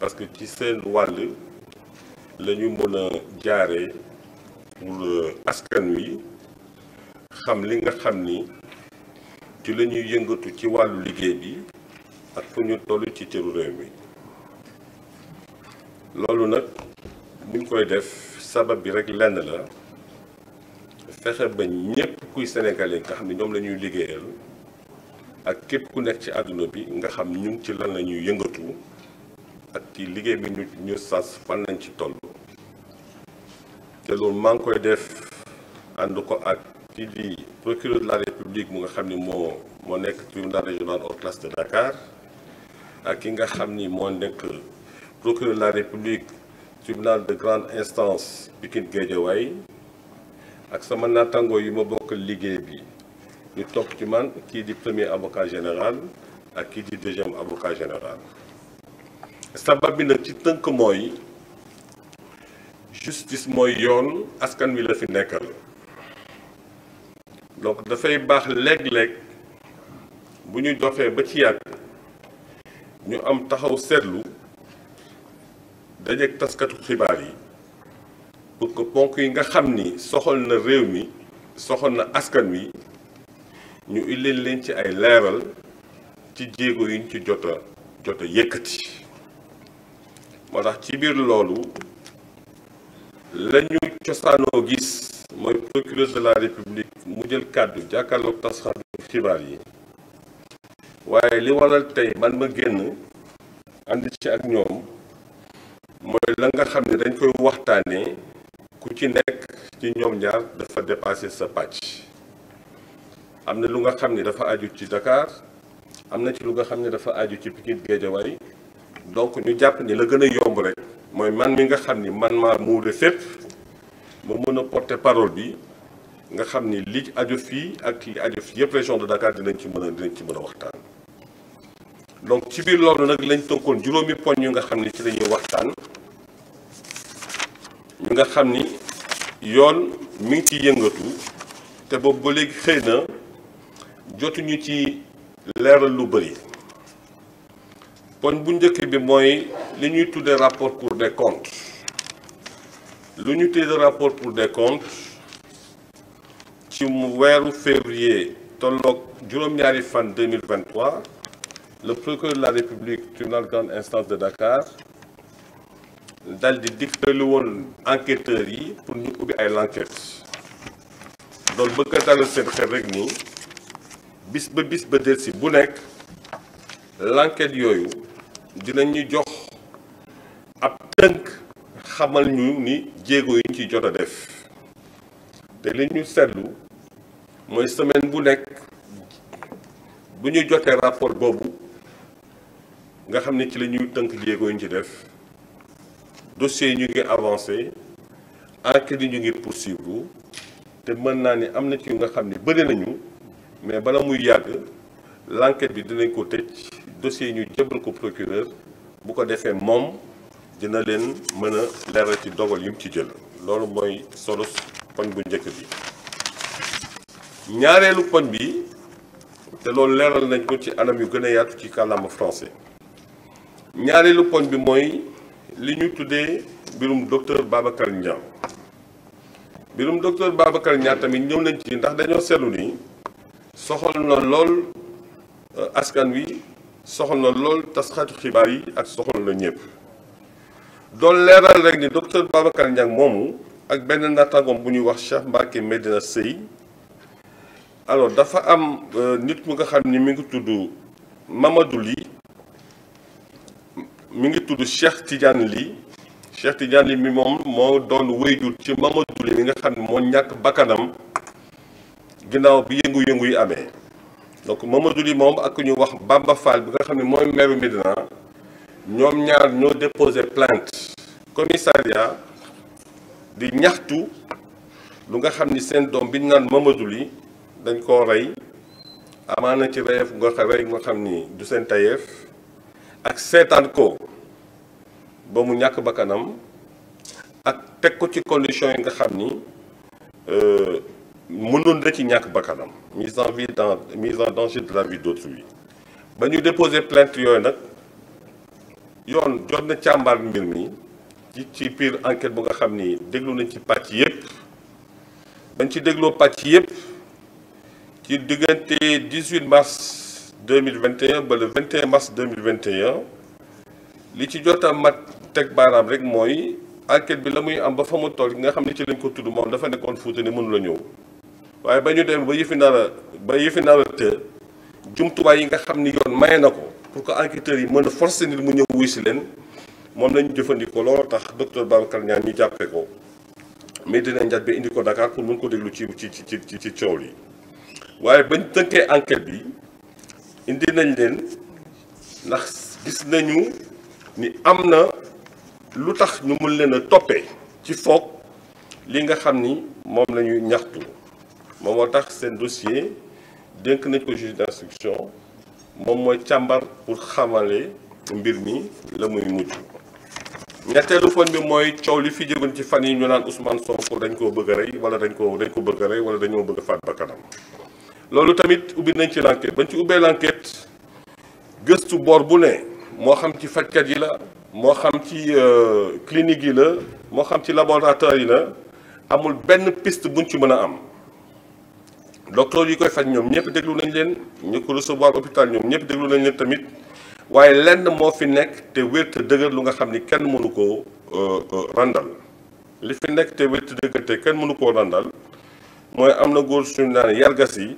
parce que ci seen wàll lañu ñu mën a jaaree pour euh, askan wi xam li nga xam ni ci la ñuy yëngatu ci wàllu liggéey bi ak fu ñu toll ci cëru réew mi loolu nag buñ koy def sabab bi rek lenn la fexe ba ñépp kuy sénégalais nga xam ne ñoom lañuy liggéeyal ak képp ku nekk ci àdduna bi nga xam ñun ci lan la ñuy yëngatu ak ci liggéey bi ñu ñu sas fan lañ ci toll te loolu maa ngi koy def ànd ko ak kii di procureur de la république mu nga xam ni moo moo nekk tribunal régional hors classe de Dakar ak ki nga xam ni moo nekk procureur de la république tribunal de grande instance Pikine Guédiawaye ak sama naataango yi ma bokk liggéey bi ñu topp ci man kii di premier avocat général ak kii di deuxième avocat général sabab bi nag ci tënk mooy justice mooy yoon askan wi la fi nekkal donc dafay baax léeg-léeg bu ñu doxee ba ci yàgg ñu am taxaw seetlu dajeeg taskatu xibaar yi pour que ponk yi nga xam ni soxal na réew mi soxal na askan wi ñu illeen leen ci ay leeral ci jéego yi ci jota jota yëkkati moo tax ci biir loolu la cosaanoo gis mooy procureur de la république mu jël kàddu jàkkaarloog tasxatu xibaar yi waaye li waral tey man ma génn ànd ci ak ñoom mooy la nga xam ne dañ koy waxtaane ku ci nekk ci ñoom ñaar dafa dépasser sa pàcc am na lu nga xam ne dafa aju ci Dakar am na ci lu nga xam ne dafa aju ci Pikine Guédiawaye donc ñu jàpp ni la gën a yomb rek mooy man mi nga xam ni man maa muude fépp ma mën a porter bi nga xam ni li aju fii ak li aju fii yëpp région de Dakar dinañ ci mën a dinañ ci mën a waxtaan. donc ci biir loolu nag lañ tënkoon juróomi poñ yu nga xam ni ci lañuy waxtaan mi nga xam ni yoon mi ngi ciy yëngatu te boobu ba léegi xëy na jotuñu ci leeral lu bari poñ bu njëkk bi mooy li ñuy tuddee rapport pour des comptes lu ñu tuddee rapport Cour des comptes ci weeru février tolloog juróom-ñaari fan 2023 le procureur de la République tribunal grande instance de Dakar dal di lu woon enquêteurs yi pour ñu ubbi ay l'enquête loolu bëgg a seen xel rek nii bis ba bis ba delsi bu nekk l'enquête yooyu dinañu jox ab tënk xamal ñu ni jéego yi ñu ci jot a def te li ñu seetlu mooy semaine bu nekk bu ñu jotee rapport boobu nga xam ne ci la ñuy tënk jéego yi ci def dossiers yi ñu ngi avancé enquêtes yi ñu ngi poursuivre te mën naa ni am na ci nga xam ne bëri nañu mais bala muy yàgg l'enquête bi dinañ ko tëj. dossier ñu jébal ko procureur bu ko defee moom dina leen mën a leeral ci dogal yu ci jël loolu mooy solo poñ bu njëkk bi ñaareelu poñ bi te loolu leeral nañ ko ci anam yu gën a yaatu ci kàllaama français ñaareelu poñ bi mooy li ñu tuddee mbirum docteur Babacar Niang mbirum docteur Babacar Niang tamit ñëw nañ ci ndax dañoo seetlu ni soxal na lool euh, askan wi soxal na lool tasxatu xibaar yi ak soxal na ñëpp doon leeral rek ni docteur Babacar Niang moomu ak benn nattangoom bu ñuy wax Cheikh Mbacké Medina Sey alors dafa am euh, nit mu nga xam ni mi ngi tudd mamadu li mu ngi tudd Cheikh Tidiane li Cheikh Tidiane Ly mi moom moo doon wéyjur ci Mamadou Ly mi nga xam ni moo ñàkk bakkanam ginnaaw bi yëngu-yëngu yi amee donc Mamadou Ly moom ak ku ñu wax Bamba Fall bi nga xam ne mooy maire Médina ñoom ñaar ñoo déposé plainte commissariat di ñaxtu lu nga xam ni seen doom bi ñu naan Mamadou Ly dañ koo rey amaana ci reyeef nga rey nga xam ni du seen tayeef ak seetaan ko ba mu ñàkk bakkanam ak teg ko ci condition yi nga xam ni euh, mënoon da ci ñàkk bakkanam mise en vie dans mise en danger de la vie d'autrui ba ñu déposé plainte yooyu nag yoon jot na càmbar mbir mi ci ci piir enquête bu nga xam ni déglu nañ ci pàcc yépp dañ ci dégloo pàcc yépp ci diggante 18 mars 2021 ba le 21 mars 2021 li ci jotam mat teg baaraam rek mooy enquête bi la muy am ba fa mu toll nga xam ne ci lañ ko tudd moom dafa nekkoon Fuuta ni mënula ñëw waaye ba ñu dem ba yëfi nar ba yëfi nar tër jumtuwaay yi nga xam ni yoon maye na ko pour que enquêteurs yi mën a forcer nit mu ñëw wuy si leen moom la jëfandikoo looloo tax docteur Babacar Niane ñu jàppee ko mais dinañ jàpp bi indi ko Dakar pour mën ko déglu ci ci ci ci coow li waaye bañ tënkee enquête bi indi nañ leen ndax gis nañu ni am na lu tax ñu mën leen a toppee ci foog lii nga xam ni moom la ñaxtu. moom moo tax seen dossier dénk nañ ko juge d'instruction moom mooy càmbar pour xamale mbir mi la muy mujj ñetteelu fan bi mooy coow li fi jëgoon ci fan yi ñu naan Ousmane Sonko dañ koo bëgg a rey wala dañ ko dañ ko bëgg a rey wala dañoo bëgg a faat ba kanam loolu tamit ubbi nañ ci l'enquête bañ ci ubbee l'enquête gëstu boor bu ne moo xam ci fajkat yi la moo xam ci euh, clinique yi la moo xam ci laboratoire yi la amul benn piste buñ ci mën a am docteur yi koy faj ñoom ñëpp déglu nañ leen ñu ko recevoir hôpital ñoom ñëpp déglu nañ leen tamit waaye lenn moo fi nekk te wér te dëgër lu nga xam ni kenn mënu koo euh, euh, randal li fi nekk te wér te dëgër te kenn mënu koo randal mooy am na góor suñu naan yargas yi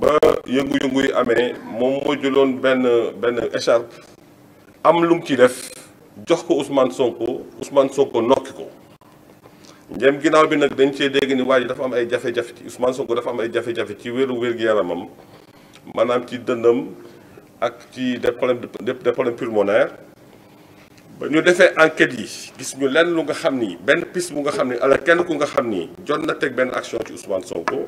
ba yëngu-yëngu yi amee moom moo jëloon benn benn écharpe am lu ci def jox ko Ousmane Sonko Ousmane Sonko nokki ko. njëm ginnaaw bi nag dañ cee dégg ni waa ji dafa am ay jafe-jafe ci Ousmane Sonko dafa am ay jafe-jafe ci wéru wér-gu-yaramam maanaam ci dënnam ak ci des problèmes des problèmes ba ñu defee enquête yi gis ñu lenn lu nga xam ni benn piste bu nga xam ni ala kenn ku nga xam ni jot na teg benn action ci Ousmane Sonko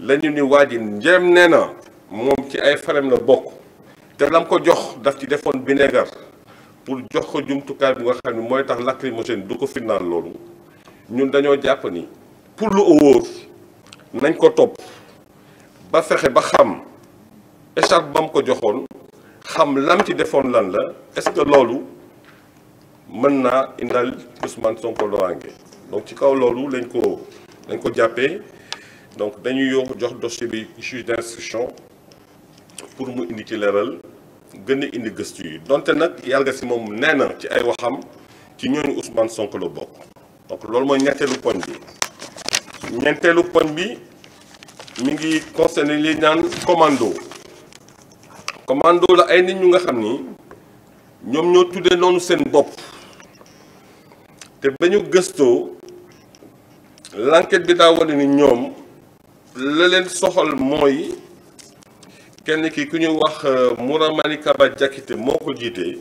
la ñu ni waa ji njëm nee na moom ci ay faram la bokk te lam ko jox daf ci defoon bineegar pour jox ko jumtukaay bu nga xam ni mooy tax lacrymogène du ko firnaal loolu. ñun dañoo jàpp ni pour lu wóor nañ ko topp ba fexe ba xam écharpe ba mu ko joxoon xam lam ci defoon lan la est-ce que loolu mën naa indial Ousmane Sonko loraange donc ci kaw loolu lañ ko lañ ko jàppee donc dañuy yokk jox dossier bi juge d'instruction pour mu indi ci leeral gën a indi gëstu yi donte nag yàlla si moom nee na ci ay waxam ci ñooñu Ousmane Sonko la bokk. donc loolu mooy ñetteelu poñ bi ñetteelu poñ bi mi ngi concerné li naan commando commando la ay nit ñu nga xam ni ñoom ñoo tuddee noonu seen bopp te ba ñu gëstoo l'enquête bi daa wane ni ñoom la leen soxal mooy kenn ki ku ñuy wax euh, Mouramani Kaba Diakité moo ko jiitee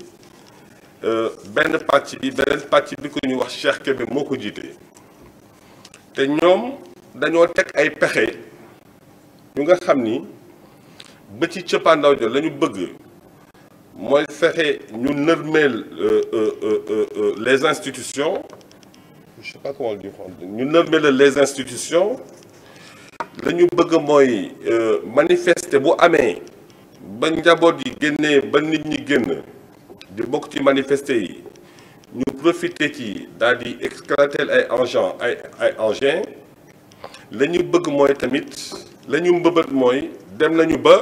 Euh, benn pàcc bi beneen pàcc bi ko ñuy wax Cheikh Kébé moo ko jiite te ñoom dañoo teg ay pexe yu nga xam ni ba ci cëppaandaw jo la ñu bëgg mooy fexe ñu nërmeel euh, euh, les institutions je sais ñu nërmeel les institutions la bëgg mooy manifester bu amee ba njaboot yi génnee ba nit ñi génn di bokk ci manifester yi ñu profiter ci daal di éclater ay engins ay ay engins bëgg mooy tamit la ñu mbëbët mooy dem nañu ba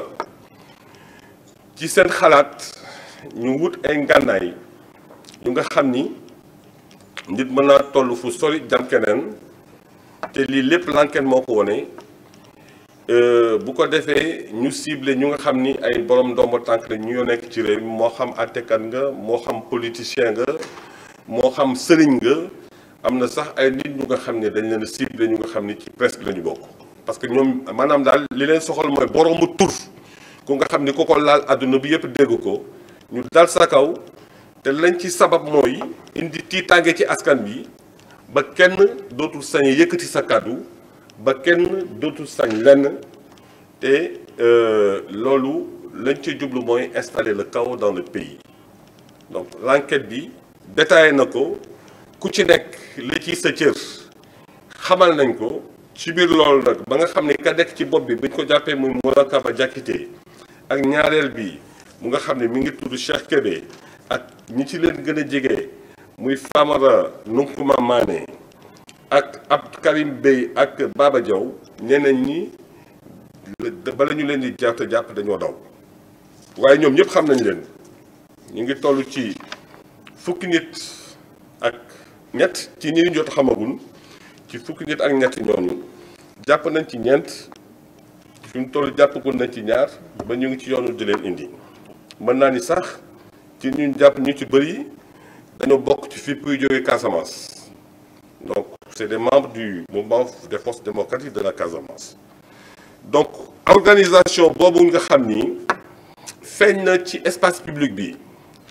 ci seen xalaat ñu wut ay ngànnaay yu nga xam ni nit mën naa toll fu sori jam keneen te lii lépp l'enquête moo ko wone Euh, bu ko defee ñu ciblé ñu nga xam ni ay borom ndomba tànk la ñu nekk ci réew moo xam àttekat nga moo xam politicien nga moo xam sëriñ nga am na sax ay nit ñu nga xam ne dañ leen ciblé ñu nga xam ni ci presse la ñu bokk. parce que ñoom maanaam daal li leen soxal mooy boromu tur ku nga xam ni ku ko laal àdduna bi yëpp dégg ko ñu dal sa kaw te lañ ci sabab mooy indi tiitaange ci askan bi ba kenn dootul sañ yëkkati sa kàddu. ba kenn dootul sañ lenn te euh, loolu lañ ci jublu mooy installé la chaos dans le pays donc l'enquête bi détaillé na ko ku ci nekk li ci sa cër xamal nañ ko ci biir loolu nag ba nga xam ne ka nekk ci bopp bi bañ ko jàppee muy Murakaba Diakité ak ñaareel bi mu nga xam ne mi ngi tudd Cheikh Kébé ak ñi ci leen gën a jege muy Famara Nunkumamaane ak ab Karim Bey ak Baba Diaw ñeneen ñi bala ñu leen di jàpp jàpp dañoo daw waaye ñoom ñëpp xam nañ leen ñu ngi tollu ci fukki nit ak ñett ci ñu jot xamagun ci fukki nit ak ñett ñooñu jàpp nañ ci ñeent fi mu toll jàppagul nañ ci ñaar ba ñu ngi ci yoonu di leen indi mën naa ni sax ci ñun jàpp ñu ci bëri dañoo bokk ci fi yu jógee Casamance c'est des membres du mouvement des forces démocratiques de la Casamance donc organisation boobu nga xam ni feeñ na ci espace public bi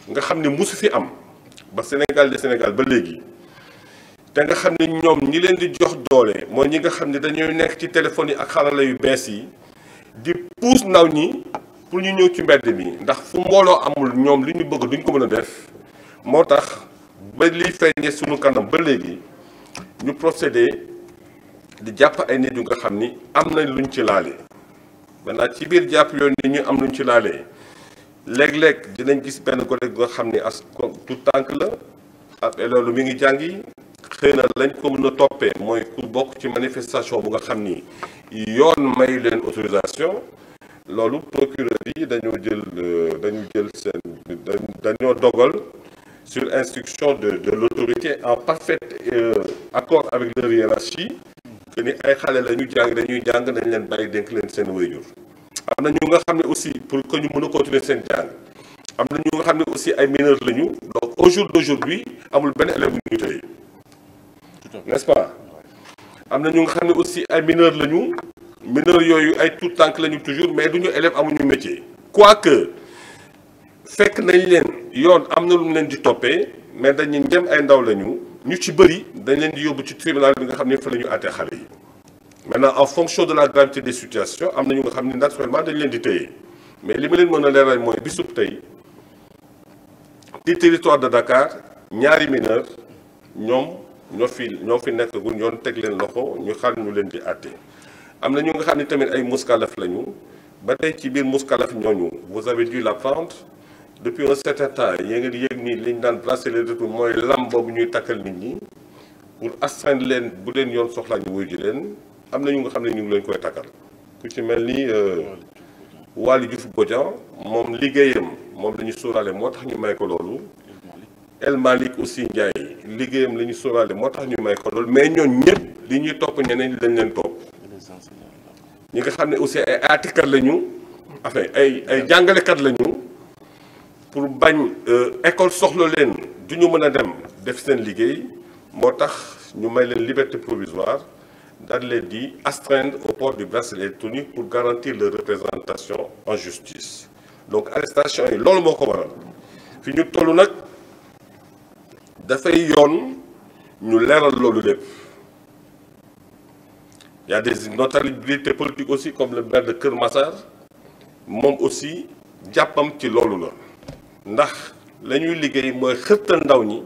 nga xam ne musu fi am ba Sénégal de Sénégal ba léegi te nga xam ne ñoom ñi leen di jox doole mooy ñi nga xam ne dañuy nekk ci téléphone yi ak xarala yu bees yi di puus ndaw ñi pour ñu ñëw ci mbedd bi ndax fu mbooloo amul ñoom li ñu bëgg duñ ko mën a def moo tax ba liy feeñee sunu kanam ba léegi. ñu procéder di jàpp ay nit yu nga xam ni am na luñ ci laalee maintenant ci biir jàpp yoon nit ñu am luñ ci laalee léeg-léeg dinañ gis benn côté bu nga xam ni asko tout tànk la ab loolu mi ngi jàngi xëy na lañ ko mën a toppee mooy ku bokk ci manifestation bu nga xam ni yoon may leen autorisation loolu procureur yi dañoo jël euh, dañu jël seen dañoo dogal sur instruction de de l'autorité en parfait euh, accord avec leur hiérarchie que ni ay xale la ñu jàng dañuy jàng dañ leen bàyyi dénk leen seen wéyjur am na ñu nga xam ne aussi pour que ñu mën a continuer seen jàng am na ñu nga xam ne aussi ay mineurs la ñu donc au jour d'aujourd'hui amul benn élève bu ñu tey am na ñu nga xam ne aussi ay mineurs la ñu mineurs yooyu ay tout tànk la ñu toujours mais du ñu élève amuñu métier quoique fekk nañ leen yoon am na lu mu leen di toppee mais dañu njëm ay ndaw lañu ñu ci bëri dañ leen di yóbbu ci tribunal bi nga xam ne fa la ñu àttee xale yi na en fonction de la gravité des situations am na ñu xam ne naturellement dañ leen di téye mais li ma leen mën a leeral mooy bisub tey ci territoire de Dakar ñaari mineur ñoom ñoo fi ñoo fi nekkagul yoon teg leen loxo ñu xaar ñu leen di àtte am na ñu nga xam ne tamit ay muskalaf lañu ba tey ci biir muskalaf ñooñu vous avez la l'apprendre depuis un certain temps yéen ngi yëg ni liñ daan placer les mooy lam boobu ñuy takkal nit ñi pour astreindre leen bu leen yoon soxlaa ñu ji leen am na ñu nga xam ne ñu ngi leen koy takkal ku ci mel ni euh, Waly Diouf Bodian moom liggéeyam moom la ñu sóoraale moo tax ñu may ko loolu El Malick aussi Ndiaye liggéeyam la ñu sóoraale moo tax ñu may ko loolu mais ñoon ñëpp li ñuy topp ñeneen lañ leen topp ñi nga xam ne aussi ay aatikat la ñu enfin ay ay jàngalekat la ñu pour bañ euh, école soxla leen du ñu mën a dem def seen liggéey moo tax ñu may leen liberté provisoire daal leen di astreindre au port du bracelet électronique pour garantir leur représentation en justice donc arrestation yi loolu moo ko waral fi ñu toll nag dafay yoon ñu leeral loolu lépp y a des notabilités politiques aussi comme le maire de Kër Massar moom aussi jàppam ci loolu la ndax lañuy liggéey mooy xërtal ndaw ñi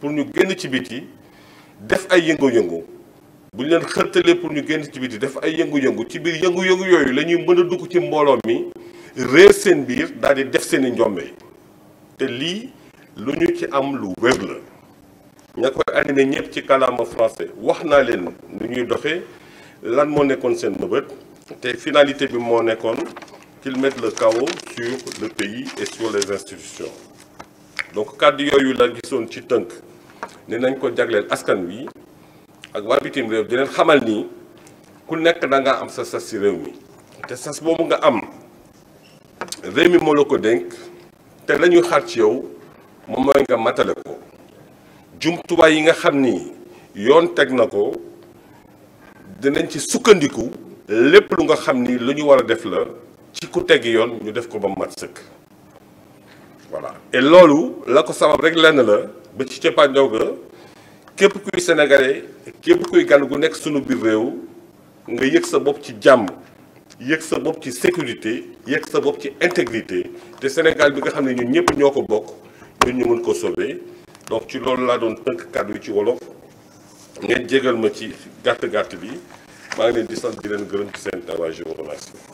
pour ñu génn ci biti def ay yëngu-yëngu bu leen xërtalee pour ñu génn ci def ay yëngu ci biir yëngu-yëngu yooyu la ñuy mën a dugg ci mbooloo mi réer seen biir daal di def seeni i te lii lu ñu ci am lu wér la ña koy animé ñëpp ci kàllaama français wax naa leen nu ñuy doxee lan moo nekkoon seen mëbët te finalité bi moo nekkoon qu'ils mettent le chaos sur le pays et sur les institutions donc kàddu yooyu la gisoon ci tënk ne nañ ko jagleel askan wi ak waa bitim réew di xamal ni ku nekk da nga am sa sas ci réew mi te sas boobu nga am réew mi moo la ko dénk te lañuy xaar ci yow moom mooy nga matale ko jumtuwaay yi nga xam ni yoon teg na ko dinañ ci sukkandiku lépp lu nga xam ni lu ñu war a def la ci ku tegg yoon ñu def ko ba mat sëkk voilà et loolu la ko sabab rek lenn la ba ci cappaandaw ga képp kuy sénégalais képp kuy gan gu nekk sunu biir réew nga yëg sa bopp ci jàmm yëg sa bopp ci sécurité yëg sa bopp ci intégrité te Sénégal bi nga xam ne ñun ñëpp ñoo ko bokk ñun ñu mën ko sauver donc ci loolu laa doon tënk kàddu yi ci wolof ngeen jégal ma ci gàtt gàtt bi maa ngi leen di sant di leen gërëm ci seen tawaay je